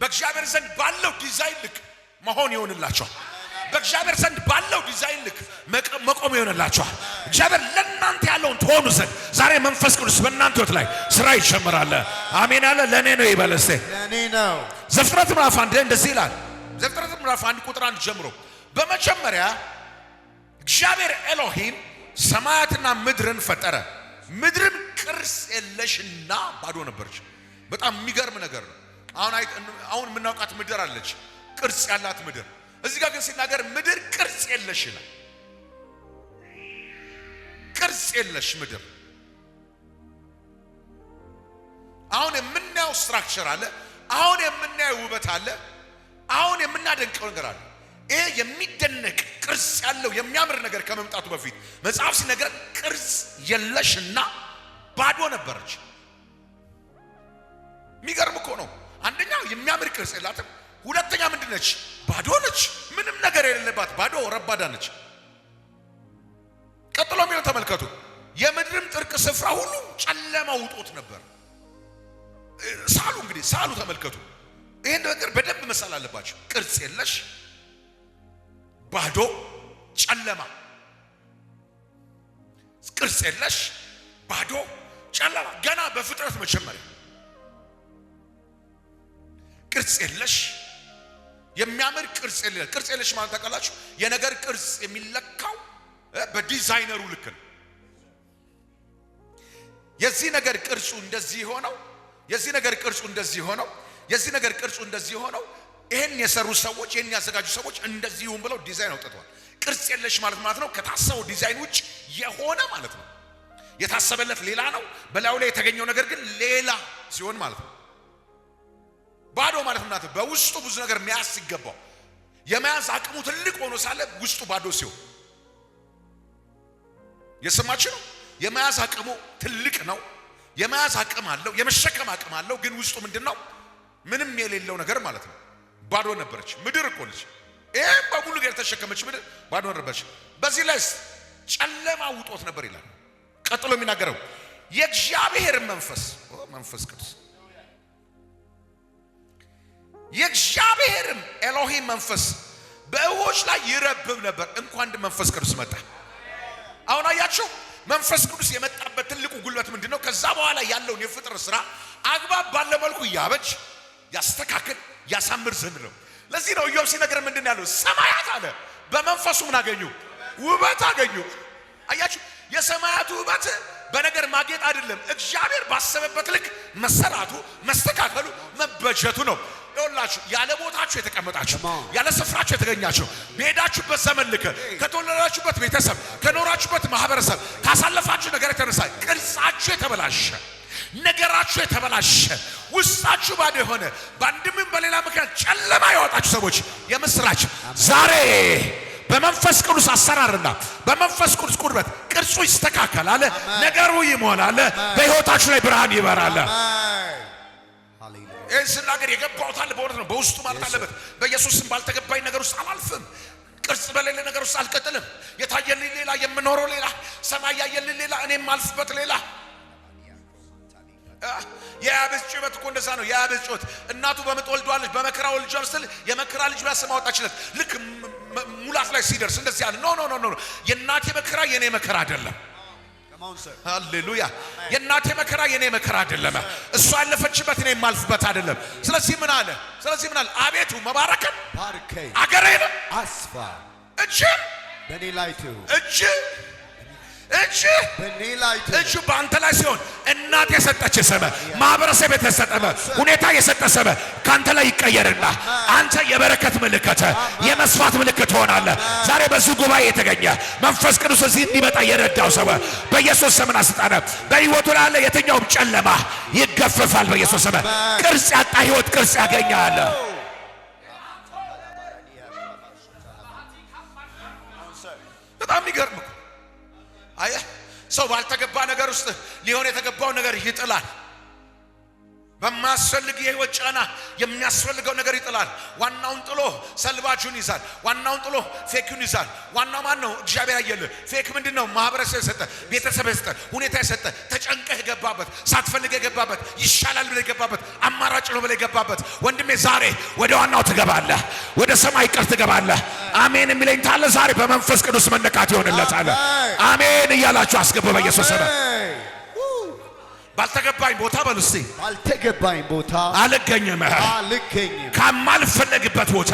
በእግዚአብሔር ዘንድ ባለው ዲዛይን ልክ መሆን ይሆንላቸዋል። በእግዚአብሔር ዘንድ ባለው ዲዛይን ልክ መቆም ይሆንላቸዋል። እግዚአብሔር ለእናንተ ያለውን ትሆኑ ዘንድ ዛሬ መንፈስ ቅዱስ በእናንተ ህይወት ላይ ስራ ይጀምራል። አሜን አለ። ለእኔ ነው ይበል እስቴ። ዘፍጥረት ምዕራፍ አንድ እንደዚህ ይላል። ዘፍጥረት ምዕራፍ አንድ ቁጥር አንድ ጀምሮ በመጀመሪያ እግዚአብሔር ኤሎሂም ሰማያትና ምድርን ፈጠረ። ምድርም ቅርስ የለሽና ባዶ ነበረች። በጣም የሚገርም ነገር ነው። አሁን የምናውቃት ምድር አለች፣ ቅርጽ ያላት ምድር። እዚህ ጋር ግን ሲናገር ምድር ቅርጽ የለሽ ይላል። ቅርጽ የለሽ ምድር። አሁን የምናየው ስትራክቸር አለ፣ አሁን የምናየው ውበት አለ፣ አሁን የምናደንቀው ነገር አለ። ይሄ የሚደነቅ ቅርጽ ያለው የሚያምር ነገር ከመምጣቱ በፊት መጽሐፍ ሲነገር ቅርጽ የለሽና ባዶ ነበረች። የሚገርም እኮ ነው። አንደኛው የሚያምር ቅርጽ የላትም። ሁለተኛ ምንድን ነች? ባዶ ነች። ምንም ነገር የሌለባት ባዶ ረባዳ ነች። ቀጥሎ የሚለው ተመልከቱ። የምድርም ጥርቅ ስፍራ ሁሉ ጨለማ ውጦት ነበር። ሳሉ እንግዲህ ሳሉ ተመልከቱ። ይህን ነገር በደንብ መሳል አለባቸው። ቅርጽ የለሽ፣ ባዶ፣ ጨለማ። ቅርጽ የለሽ፣ ባዶ፣ ጨለማ። ገና በፍጥረት መጀመሪያ ቅርጽ የለሽ የሚያምር ቅርጽ የለ ቅርጽ የለሽ ማለት ታውቃላችሁ፣ የነገር ቅርጽ የሚለካው በዲዛይነሩ ልክ ነው። የዚህ ነገር ቅርጹ እንደዚህ ሆነው የዚህ ነገር ቅርጹ እንደዚህ ሆነው የዚህ ነገር ቅርጹ እንደዚህ ሆነው ይህን የሰሩ ሰዎች ይሄን ያዘጋጁ ሰዎች እንደዚሁም ብለው ዲዛይን አውጥተዋል። ቅርጽ የለሽ ማለት ማለት ነው ከታሰበው ዲዛይን ውጭ የሆነ ማለት ነው። የታሰበለት ሌላ ነው፣ በላዩ ላይ የተገኘው ነገር ግን ሌላ ሲሆን ማለት ነው። ባዶ ማለት ምናት በውስጡ ብዙ ነገር መያዝ ሲገባው የመያዝ አቅሙ ትልቅ ሆኖ ሳለ ውስጡ ባዶ ሲሆን የሰማችሁ ነው። የመያዝ አቅሙ ትልቅ ነው። የመያዝ አቅም አለው፣ የመሸከም አቅም አለው። ግን ውስጡ ምንድን ነው? ምንም የሌለው ነገር ማለት ነው። ባዶ ነበረች ምድር እኮ ነች። ይህም በሙሉ ተሸከመች ምድር ባዶ ነበረች። በዚህ ላይ ጨለማ ውጦት ነበር ይላል። ቀጥሎ የሚናገረው የእግዚአብሔር መንፈስ መንፈስ ቅዱስ የእግዚአብሔርም ኤሎሂም መንፈስ በእዎች ላይ ይረብብ ነበር። እንኳን አንድ መንፈስ ቅዱስ መጣ። አሁን አያችሁ፣ መንፈስ ቅዱስ የመጣበት ትልቁ ጉልበት ምንድን ነው? ከዛ በኋላ ያለውን የፍጥር ስራ አግባብ ባለ መልኩ ያበጅ፣ ያስተካክል፣ ያሳምር ዘንድ ነው። ለዚህ ነው ኢዮብ ሲነገር ምንድን ያለው ሰማያት አለ በመንፈሱ ምን አገኙ? ውበት አገኙ። አያችሁ፣ የሰማያቱ ውበት በነገር ማጌጥ አይደለም። እግዚአብሔር ባሰበበት ልክ መሰራቱ፣ መስተካከሉ፣ መበጀቱ ነው። ይወላችሁ ያለ ቦታችሁ የተቀመጣችሁ ያለ ስፍራችሁ የተገኛችሁ በሄዳችሁበት ዘመን ልክ ከተወለዳችሁበት ቤተሰብ ከኖራችሁበት ማህበረሰብ ካሳለፋችሁ ነገር የተነሳ ቅርጻችሁ የተበላሸ ነገራችሁ የተበላሸ ውስጣችሁ ባዶ የሆነ በአንድምም በሌላ ምክንያት ጨለማ ያወጣችሁ ሰዎች የምስራች ዛሬ በመንፈስ ቅዱስ አሰራርና በመንፈስ ቅዱስ ቁርበት ቅርጹ ይስተካከላል፣ ነገሩ ይሞላል፣ በሕይወታችሁ ላይ ብርሃን ይበራል። ይህን ስናገር የገባውታል በእውነት ነው። በውስጡ ማለት አለበት። በኢየሱስም ባልተገባኝ ነገር ውስጥ አላልፍም። ቅርጽ በሌለ ነገር ውስጥ አልቀጥልም። የታየልኝ ሌላ፣ የምኖረው ሌላ፣ ሰማይ ያየልኝ ሌላ፣ እኔም ማልፍበት ሌላ። እኮ እንደዛ ነው። እናቱ በምጥ በመከራ የመከራ ልጅ አወጣችለት። ልክ ሙላት ላይ ሲደርስ እንደዚህ አለ። ኖ ኖ ኖ፣ የእናቴ መከራ የእኔ መከራ አይደለም። ሃሌሉያ። የእናቴ መከራ የኔ መከራ አይደለም። እሷ ያለፈችበት እኔ የማልፍበት አይደለም። ስለዚህ ምን አለ? ስለዚህ ምን አለ? አቤቱ መባረክን አገሬን አስፋ እጅ በኔ ላይ እጅ እጅ እጁ በአንተ ላይ ሲሆን እናት የሰጠች ስም፣ ማህበረሰብ የተሰጠመ ሁኔታ የሰጠ ስም ከአንተ ላይ ይቀየርና አንተ የበረከት ምልክት፣ የመስፋት ምልክት ትሆናለህ። ዛሬ በዚህ ጉባኤ የተገኘ መንፈስ ቅዱስ እዚህ እንዲመጣ የረዳው ሰው በኢየሱስ ስምና ስልጣነ በሕይወቱ ላለ የትኛውም ጨለማ ይገፈፋል። በኢየሱስ ስም ቅርጽ ያጣ ሕይወት ቅርጽ ያገኛል። በጣም ይገርም አየህ ሰው ባልተገባ ነገር ውስጥ ሊሆን የተገባው ነገር ይጥላል። በማያስፈልግ የህይወት ጫና የሚያስፈልገው ነገር ይጥላል። ዋናውን ጥሎ ሰልባችሁን ይዛል። ዋናውን ጥሎ ፌክን ይዛል። ዋናው ማን ነው? እግዚአብሔር አየልህ። ፌክ ምንድን ነው? ማህበረሰብ የሰጠ ቤተሰብ የሰጠ ሁኔታ የሰጠ ተጨንቀህ የገባበት ሳትፈልግ የገባበት ይሻላል ብለህ የገባበት አማራጭ ነው ብለህ የገባበት ወንድሜ፣ ዛሬ ወደ ዋናው ትገባለህ። ወደ ሰማይ ቅር ትገባለህ። አሜን የሚለኝ ታለ ዛሬ በመንፈስ ቅዱስ መነካት ይሆንለታል። አሜን እያላችሁ አስገባ በኢየሱስ ስም ባልተገባኝ ቦታ በል ባልተገባኝ ቦታ አልገኝም፣ አልገኝም ከማልፈለግበት ቦታ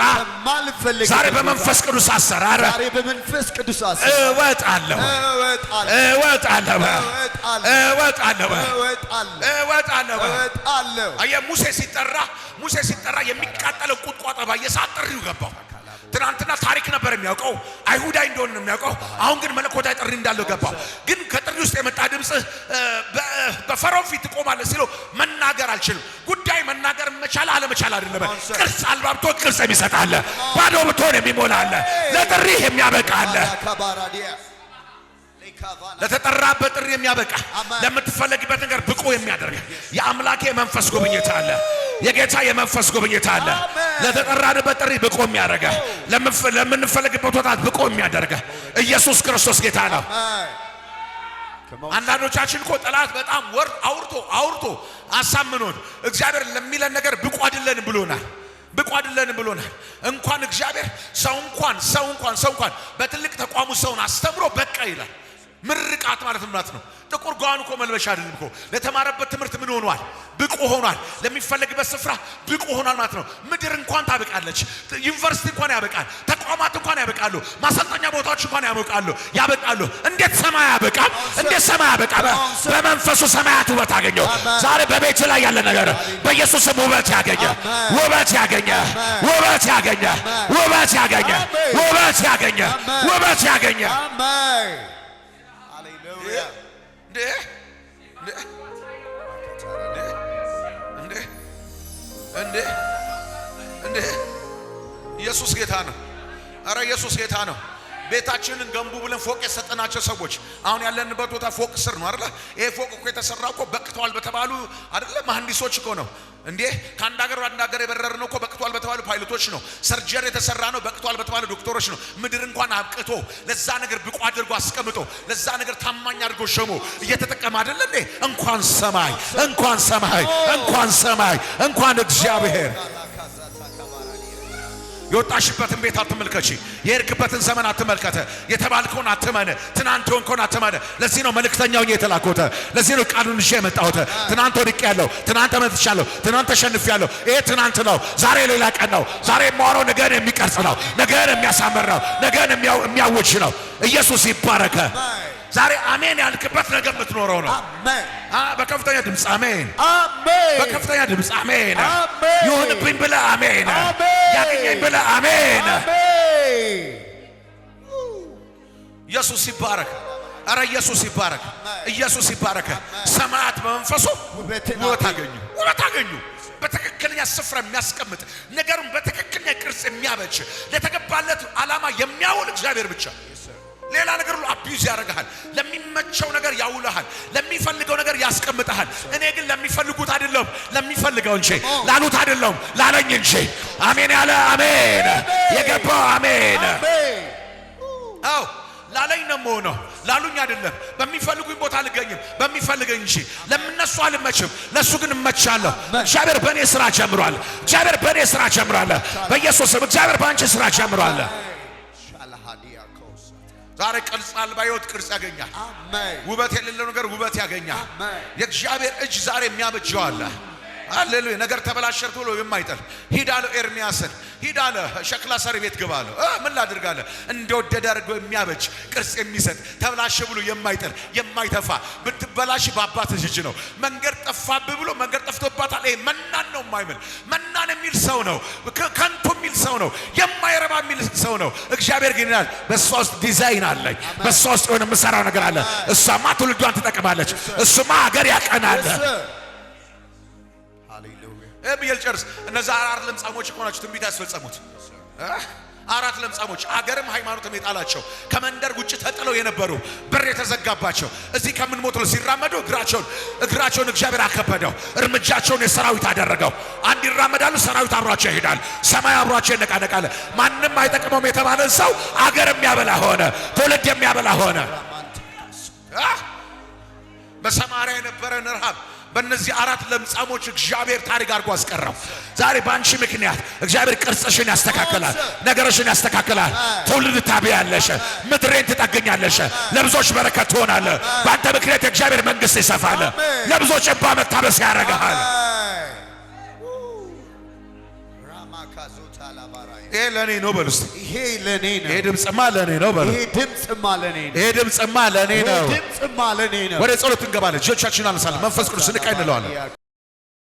ዛሬ በመንፈስ ቅዱስ አሰራር እወጣለሁ፣ እወጣለሁ። አየህ ሙሴ ሲጠራ ሙሴ ሲጠራ የሚቃጠለው ቁጥቋጦ ባየ ጥሪው ገባው። ትናንትና ታሪክ ነበር የሚያውቀው አይሁዳዊ እንደሆነ ነው የሚያውቀው። አሁን ግን መለኮታዊ ጥሪ እንዳለው ገባው። ከግርድ ውስጥ የመጣ ድምፅህ በፈርዖን ፊት ትቆማለህ ሲለው መናገር አልችልም። ጉዳይ መናገር መቻል አለመቻል አይደለም። ቅርጽ አልባብቶ ቅርጽ የሚሰጣለ፣ ባዶ ብትሆን የሚሞላለ፣ ለጥሪህ የሚያበቃለ፣ ለተጠራበት ጥሪ የሚያበቃ፣ ለምትፈለግበት ነገር ብቁ የሚያደርግ የአምላኬ የመንፈስ ጉብኝት አለ። የጌታ የመንፈስ ጉብኝት አለ። ለተጠራንበት ጥሪ ብቆ የሚያደርገ ለምንፈልግበት ወጣት ብቆ የሚያደርገ ኢየሱስ ክርስቶስ ጌታ ነው። አንዳንዶቻችን እኮ ጠላት በጣም ወርድ አውርቶ አውርቶ አሳምኖን እግዚአብሔር ለሚለን ነገር ብቁ አይደለንም ብሎናል ብቁ አይደለንም ብሎናል። እንኳን እግዚአብሔር ሰው እንኳን ሰው እንኳን ሰው እንኳን በትልቅ ተቋሙ ሰውን አስተምሮ በቃ ይላል። ምርቃት ማለት ምናት ነው? ጥቁር ጓን እኮ መልበሻ አይደለም እኮ ለተማረበት ትምህርት ምን ሆኗል? ብቁ ሆኗል። ለሚፈለግበት ስፍራ ብቁ ሆኗል ማለት ነው። ምድር እንኳን ታበቃለች። ዩኒቨርሲቲ እንኳን ያበቃል። ተቋማት እንኳን ያበቃሉ። ማሰልጠኛ ቦታዎች እንኳን ያበቃሉ ያበቃሉ። እንዴት ሰማይ ያበቃ? እንዴት ሰማይ ያበቃ? በመንፈሱ ሰማያት ውበት አገኘው። ዛሬ በቤት ላይ ያለ ነገር ስም ውበት ያገኘ ውበት ያገኘ ውበት ያገኘ ውበት ያገኘ ውበት ያገኘ ውበት ያገኘ እንዴ! ኢየሱስ ጌታ ነው። እረ ኢየሱስ ጌታ ነው። ቤታችንን ገንቡ ብለን ፎቅ የሰጠናቸው ሰዎች አሁን ያለንበት ቦታ ፎቅ ስር ነው አይደለ? ይሄ ፎቅ እኮ የተሰራ እኮ በቅተዋል በተባሉ አይደለ? መሐንዲሶች እኮ ነው እንዴ! ከአንድ ሀገር ወደ አንድ ሀገር የበረር ነው እኮ በቅቷል በተባሉ ፓይሎቶች ነው። ሰርጀር የተሰራ ነው በቅቷል በተባሉ ዶክተሮች ነው። ምድር እንኳን አብቅቶ ለዛ ነገር ብቁ አድርጎ አስቀምጦ ለዛ ነገር ታማኝ አድርጎ ሸሞ እየተጠቀመ አይደለ እንዴ? እንኳን ሰማይ እንኳን ሰማይ እንኳን ሰማይ እንኳን እግዚአብሔር የወጣሽበትን ቤት አትመልከቺ። የሄድክበትን ዘመን አትመልከተ። የተባልከውን አትመነ። ትናንት የሆንከውን አትመነ። ለዚህ ነው መልእክተኛው የተላኮተ። ለዚህ ነው ቃሉን ይዤ የመጣሁት። ትናንት ወድቅ ያለው ትናንት ተመትቻለሁ፣ ትናንት ተሸንፍ ያለው ይሄ ትናንት ነው። ዛሬ ሌላ ቀን ነው። ዛሬ የማወራው ነገን የሚቀርጽ ነው። ነገን የሚያሳምር ነው። ነገን የሚያውጅ ነው። ኢየሱስ ይባረከ። ዛሬ አሜን ያልክበት ነገር የምትኖረው ነው። አሜን፣ በከፍተኛ ድምፅ አሜን፣ አሜን፣ በከፍተኛ ድምፅ አሜን፣ አሜን፣ ይሁንብኝ ብለ አሜን፣ አሜን፣ ያገኘኝ ብለ አሜን። ኢየሱስ ይባረክ። አረ ኢየሱስ ይባረክ። ኢየሱስ ይባረክ። ሰማዕት በመንፈሱ ውበት አገኙ፣ ውበት አገኙ። በትክክለኛ ስፍራ የሚያስቀምጥ ነገሩን በትክክለኛ ቅርጽ የሚያበች ለተገባለት ዓላማ የሚያውል እግዚአብሔር ብቻ ሌላ ነገር ሁሉ አቢዩዝ ያደርግሃል። ለሚመቸው ነገር ያውለሃል፣ ለሚፈልገው ነገር ያስቀምጠሃል። እኔ ግን ለሚፈልጉት አይደለም ለሚፈልገው እንጂ ላሉት አይደለም ላለኝ እንጂ። አሜን ያለ አሜን የገባው አሜን። አዎ ላለኝ ነው የምሆነው፣ ላሉኝ አይደለም። በሚፈልጉኝ ቦታ አልገኝም፣ በሚፈልገኝ እንጂ። ለእነሱ አልመችም፣ ለእሱ ግን እመቻለሁ። እግዚአብሔር በእኔ ስራ ጀምሯል። እግዚአብሔር በእኔ ስራ ጀምሯል። በኢየሱስም እግዚአብሔር በአንቺ ስራ ጀምሯል። ዛሬ ቅርጽ አልባ ሕይወት ቅርጽ ያገኛል። ውበት የሌለው ነገር ውበት ያገኛል። የእግዚአብሔር እጅ ዛሬ የሚያበጀዋለህ አሌሉያ። ነገር ተበላሸር ብሎ የማይጠል ሂድ አለው ኤርሚያስን፣ ሂድ አለ ሸክላ ሰሪ ቤት ግባ አለው። ምን ላድርጋለ? እንደወደደ አድርጎ የሚያበጅ ቅርጽ የሚሰጥ ተበላሸ ብሎ የማይጠል የማይተፋ ብትበላሽ በአባትህ እጅ ነው። መንገድ ጠፋብህ ብሎ መንገድ ጠፍቶባታል። ይሄ መናን ነው የማይምል መናን የሚል ሰው ነው። ከንቱ የሚል ሰው ነው። የማይረባ የሚል ሰው ነው። እግዚአብሔር ግን ይላል በእሷ ውስጥ ዲዛይን አለኝ። በእሷ ውስጥ የሆነ የምሰራው ነገር አለ። እሷማ ትውልዷን ትጠቅማለች። እሱማ ሀገር ያቀናል። ብዬል ጨርስ። እነዛ አራት ለምጻሞች እኮ ናቸው ትንቢት ያስፈጸሙት። አራት ለምጻሞች አገርም ሃይማኖትም የጣላቸው ከመንደር ውጭ ተጥለው የነበሩ በር የተዘጋባቸው እዚህ ከምንሞት ነው ሲራመዱ እግራቸውን እግራቸውን እግዚአብሔር አከበደው፣ እርምጃቸውን የሰራዊት አደረገው። አንድ ይራመዳሉ፣ ሰራዊት አብሯቸው ይሄዳል፣ ሰማይ አብሯቸው ይነቃነቃል። ማንም አይጠቅመውም የተባለን ሰው አገር የሚያበላ ሆነ፣ ትውልድ የሚያበላ ሆነ። በሰማሪያ የነበረን ረሃብ በእነዚህ አራት ለምጻሞች እግዚአብሔር ታሪክ አድርጎ አስቀራው። ዛሬ በአንቺ ምክንያት እግዚአብሔር ቅርጽሽን ያስተካክላል፣ ነገርሽን ያስተካክላል። ትውልድ ታብያለሽ፣ ምድሬን ትጠግኛለሽ፣ ለብዙዎች በረከት ትሆናለ። በአንተ ምክንያት የእግዚአብሔር መንግሥት ይሰፋል፣ ለብዙዎች እባ መታበስ ያደርግሃል። ይህ ለእኔ ነው በል ይሄ ለኔ ነው። ይሄ ድምጽማ ለኔ ነው በሉ። ይሄ ድምጽማ ለኔ ነው። ይሄ ድምጽማ ለኔ ነው። ወደ ጸሎት እንገባለን። እጆቻችንን አነሳለን። መንፈስ ቅዱስ ንቃ እንለዋለን።